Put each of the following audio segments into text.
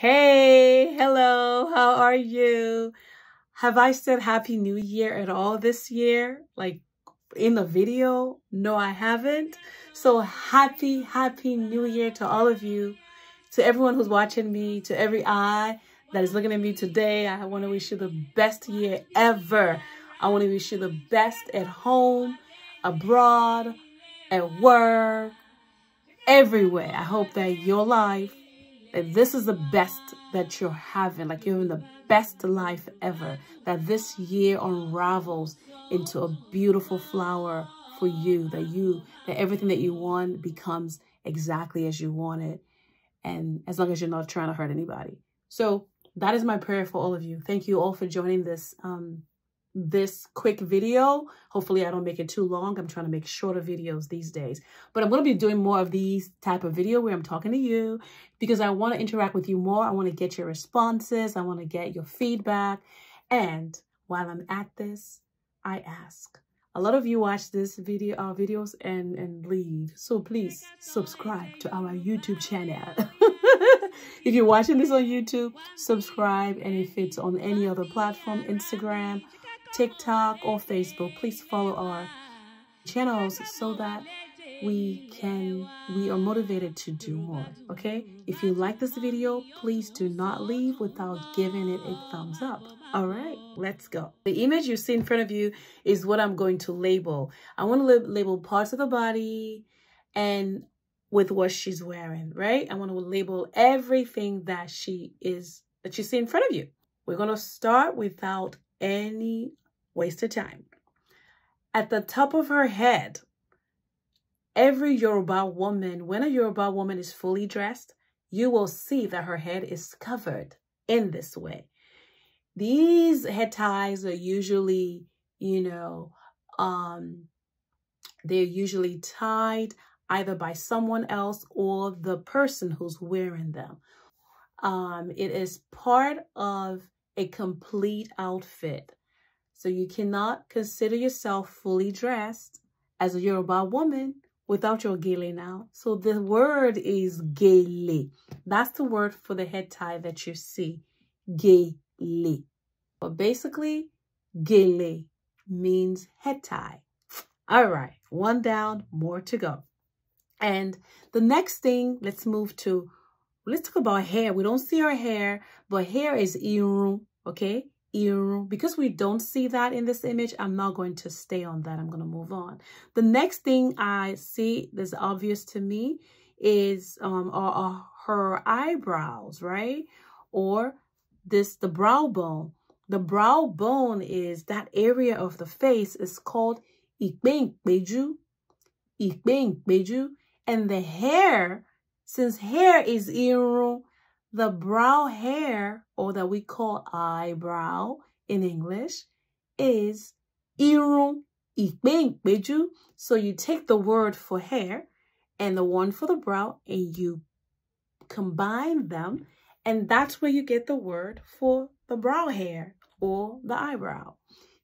Hey, hello, how are you? Have I said Happy New Year at all this year? Like in the video? No, I haven't. So happy, happy New Year to all of you, to everyone who's watching me, to every eye that is looking at me today. I want to wish you the best year ever. I want to wish you the best at home, abroad, at work, everywhere. I hope that your life that this is the best that you're having, like you're in the best life ever, that this year unravels into a beautiful flower for you, that you, that everything that you want becomes exactly as you want it. And as long as you're not trying to hurt anybody. So that is my prayer for all of you. Thank you all for joining this um, this quick video. Hopefully I don't make it too long. I'm trying to make shorter videos these days. But I'm going to be doing more of these type of video where I'm talking to you because I want to interact with you more. I want to get your responses. I want to get your feedback. And while I'm at this, I ask. A lot of you watch this video, our uh, videos and, and leave. So please subscribe to our YouTube channel. if you're watching this on YouTube, subscribe. And if it's on any other platform, Instagram, TikTok, or Facebook. Please follow our channels so that we can we are motivated to do more okay if you like this video please do not leave without giving it a thumbs up all right let's go the image you see in front of you is what i'm going to label i want to label parts of the body and with what she's wearing right i want to label everything that she is that you see in front of you we're going to start without any waste of time. At the top of her head, every Yoruba woman, when a Yoruba woman is fully dressed, you will see that her head is covered in this way. These head ties are usually, you know, um, they're usually tied either by someone else or the person who's wearing them. Um, it is part of a complete outfit. So you cannot consider yourself fully dressed as a Yoruba woman without your gele now. So the word is gele. That's the word for the head tie that you see, gele. But basically, gele means head tie. All right, one down, more to go. And the next thing, let's move to, let's talk about hair. We don't see our hair, but hair is irun, okay? irun. Because we don't see that in this image, I'm not going to stay on that. I'm going to move on. The next thing I see that's obvious to me is um, her eyebrows, right? Or this, the brow bone. The brow bone is that area of the face is called ikpeju, beju, and the hair, since hair is irun, the brow hair, or that we call eyebrow in English, is irun beju. So you take the word for hair and the one for the brow and you combine them and that's where you get the word for the brow hair or the eyebrow.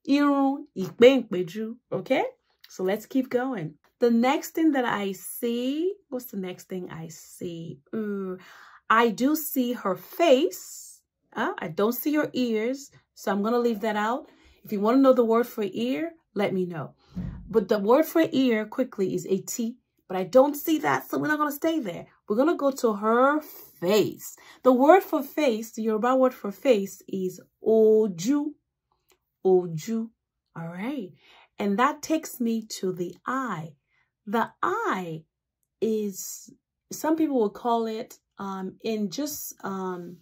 Irun beju. okay? So let's keep going. The next thing that I see, what's the next thing I see? Ooh, I do see her face. Uh, I don't see your ears, so I'm going to leave that out. If you want to know the word for ear, let me know. But the word for ear quickly is a T, but I don't see that, so we're not going to stay there. We're going to go to her face. The word for face, the Yoruba word for face is oju. Oju. All right. And that takes me to the eye. The eye is, some people will call it um, in just um,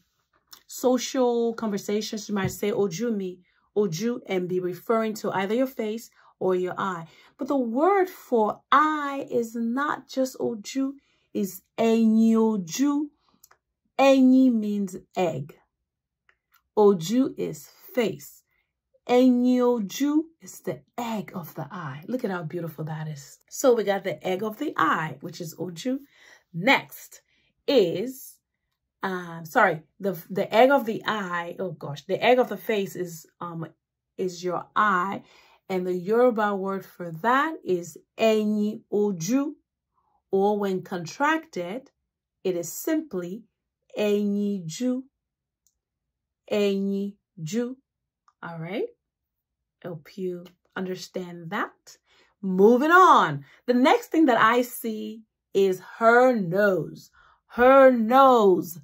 social conversations, you might say oju mi, oju, and be referring to either your face or your eye. But the word for eye is not just oju, is enyi oju. Enyi means egg. Oju is face. Enyi oju is the egg of the eye. Look at how beautiful that is. So we got the egg of the eye, which is oju. Next, is, um, sorry, the, the egg of the eye, oh gosh, the egg of the face is, um, is your eye. And the Yoruba word for that is any oju, or when contracted, it is simply enyi ju, ju. All right. help you understand that. Moving on. The next thing that I see is her nose her nose.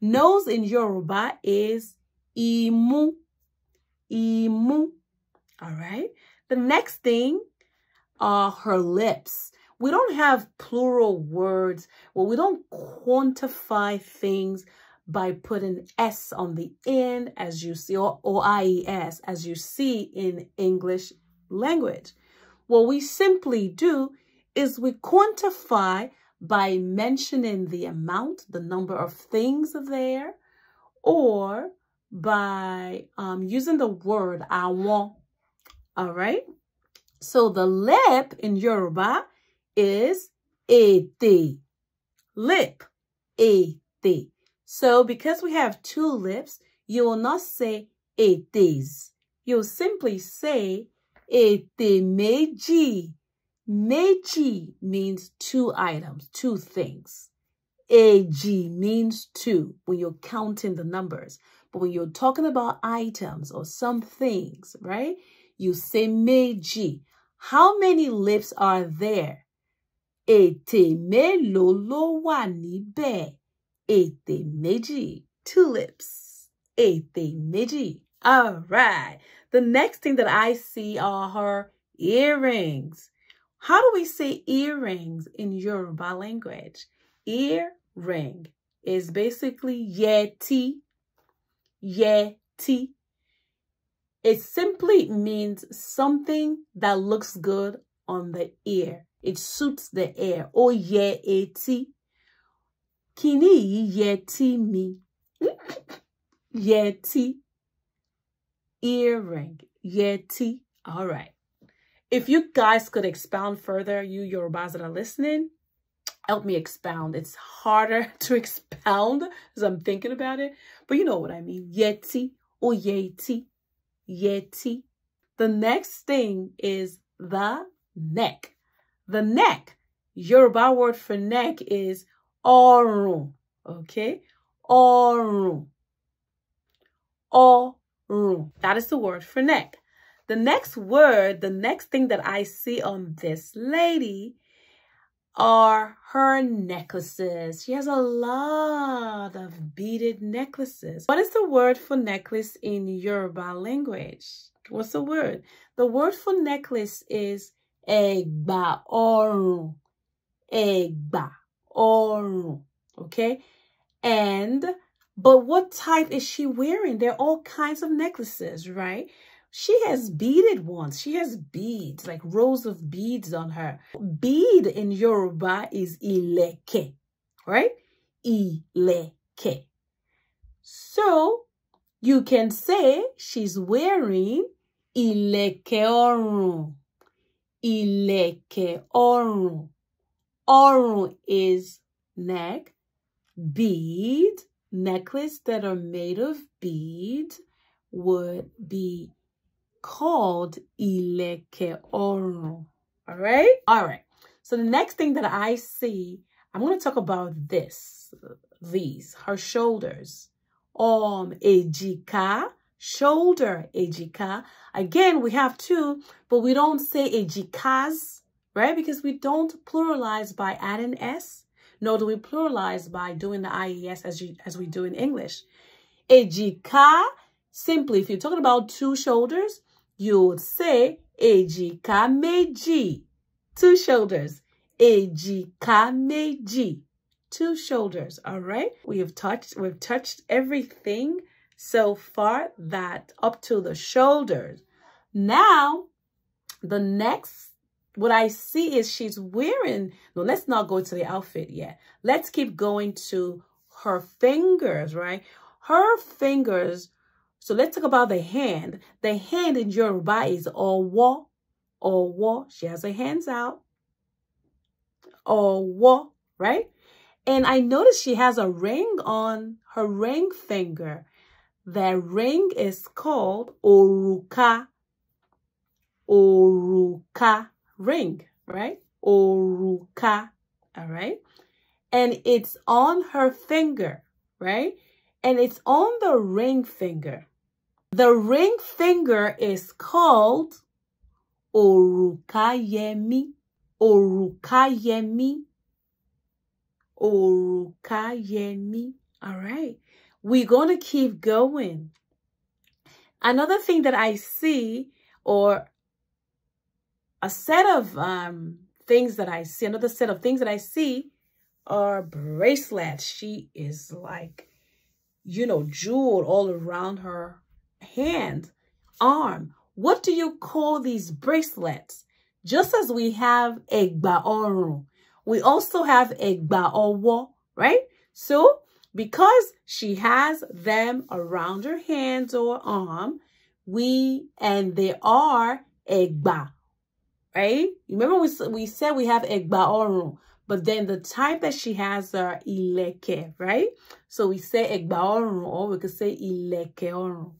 Nose in Yoruba is imu. Imu. All right. The next thing are her lips. We don't have plural words. Well, we don't quantify things by putting S on the end as you see, or, "oies," as you see in English language. What we simply do is we quantify by mentioning the amount, the number of things there, or by um, using the word I want. All right. So the lip in Yoruba is ete, lip, ete. So because we have two lips, you will not say etes. You'll simply say ete meji, Meiji means two items, two things. AG means two when you're counting the numbers. But when you're talking about items or some things, right? You say Meiji. How many lips are there? Ètè me ló wà be. Ètè méjì. Two lips. Ètè méjì. All right. The next thing that I see are her earrings. How do we say earrings in Yoruba language? Earring is basically yeti, yeti. It simply means something that looks good on the ear. It suits the ear. Oh, yeah, eti. Kini yeti mi. yeti. Earring. Yeti. All right if you guys could expound further, you Yorubas that are listening, help me expound. It's harder to expound as I'm thinking about it, but you know what I mean. Yeti or oh, Yeti, Yeti. The next thing is the neck. The neck, Yoruba word for neck is ọrùn, okay? Ọrùn, ọrùn. That is the word for neck. The next word, the next thing that I see on this lady are her necklaces. She has a lot of beaded necklaces. What is the word for necklace in Yoruba language? What's the word? The word for necklace is egba oru, Egba oru. Okay? And but what type is she wearing? There are all kinds of necklaces, right? She has beaded ones. She has beads, like rows of beads on her. Bead in Yoruba is ileke, right? Ileke. So you can say she's wearing ileke orun. Ileke orun. Orun is neck, bead, necklace that are made of bead would be called ileke oru. All right? All right. So the next thing that I see, I'm going to talk about this, these, her shoulders. Um, ejika, shoulder, ejika. Again, we have two, but we don't say ejikas, right? Because we don't pluralize by adding s, nor do we pluralize by doing the ies as, you, as we do in English. Ejika, simply, if you're talking about two shoulders, you would say èjìká méjì, two shoulders. Èjìká méjì, two shoulders. All right, we have touched we've touched everything so far that up to the shoulders. Now, the next what I see is she's wearing. No, let's not go to the outfit yet. Let's keep going to her fingers, right? Her fingers so let's talk about the hand. The hand in Yoruba is ọwọ́. Ọwọ́. She has her hands out. Ọwọ́, right? And I noticed she has a ring on her ring finger. That ring is called òrùka. Òrùka ring, right? Òrùka, all right? And it's on her finger, right? And it's on the ring finger. The ring finger is called Orukayemi. Orukayemi. Orukayemi. All right. We're going to keep going. Another thing that I see or a set of um, things that I see, another set of things that I see are bracelets. She is like, you know, jeweled all around her hand, arm. What do you call these bracelets? Just as we have egba ọrùn, we also have egba ọwọ́, right? So because she has them around her hands or arm, we, and they are egba, right? Remember we, we said we have egba ọrùn, but then the type that she has are ileke, right? So we say egba ọrùn or we could say ileke ọrùn.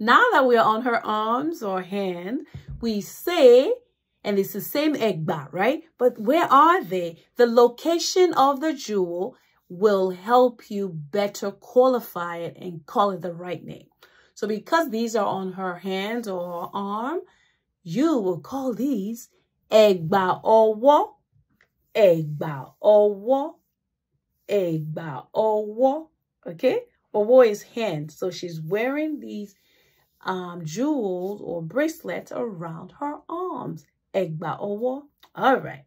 Now that we are on her arms or hand, we say, and it's the same egba, right? But where are they? The location of the jewel will help you better qualify it and call it the right name. So because these are on her hand or her arm, you will call these egba owo, egba owo, egba owo, okay? Owo is hand, so she's wearing these um, jewels or bracelets around her arms. Egba owo. All right.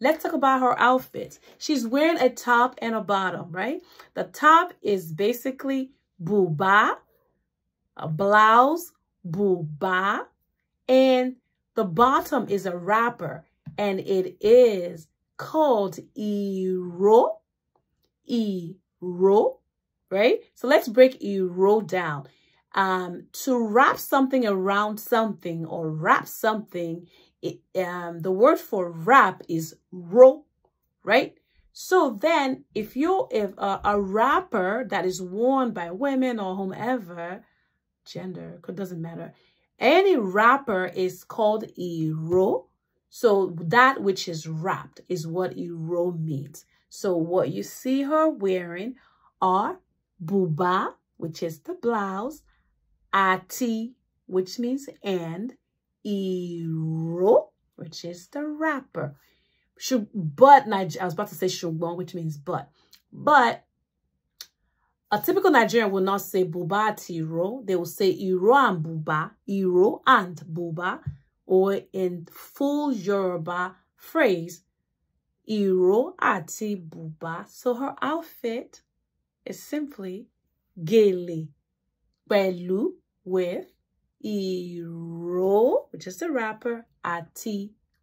Let's talk about her outfit. She's wearing a top and a bottom, right? The top is basically buba, a blouse, buba, and the bottom is a wrapper, and it is called iro, iro, right? So let's break iro down um, to wrap something around something or wrap something, it, um, the word for wrap is roll, right? So then if you if uh, a wrapper that is worn by women or whomever, gender, doesn't matter, any wrapper is called a roll. So that which is wrapped is what a roll means. So what you see her wearing are buba, which is the blouse, Ati, which means and, Iro, which is the wrapper. But, I was about to say Shogbon, which means but. But, a typical Nigerian will not say Buba They will say Iro and Buba, Iro and Buba. Or in full Yoruba phrase, Iro ati Buba. So her outfit is simply Gele pẹ̀lú with ìró which is the wrapper àti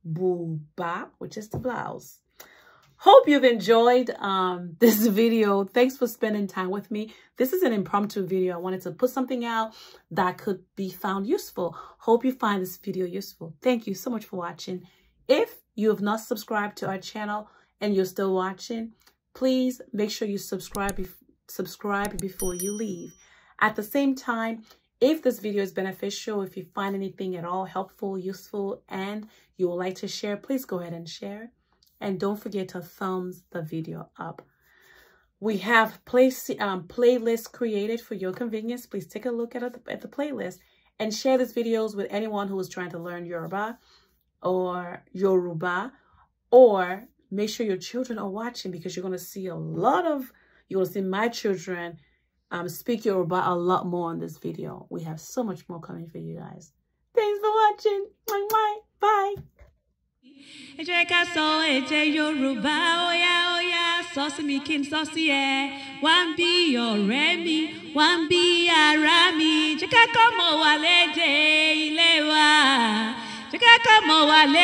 bùbá which is the blouse. Hope you've enjoyed um, this video. Thanks for spending time with me. This is an impromptu video. I wanted to put something out that could be found useful. Hope you find this video useful. Thank you so much for watching. If you have not subscribed to our channel and you're still watching, please make sure you subscribe, be subscribe before you leave. At the same time, if this video is beneficial, if you find anything at all helpful, useful, and you would like to share, please go ahead and share. And don't forget to thumbs the video up. We have place, um, playlists created for your convenience. Please take a look at, at the playlist and share these videos with anyone who is trying to learn Yoruba or Yoruba, or make sure your children are watching because you're going to see a lot of, you're going to see my children um, speak Yoruba a lot more on this video. We have so much more coming for you guys. Thanks for watching. Bye. ẹ ká sọ yorùbá óyá óyá sọ sọ sí ẹ bí ọ̀rẹ́ mi bí ara mi jẹ́ ká kọ́ wa ile ká kọ́ wa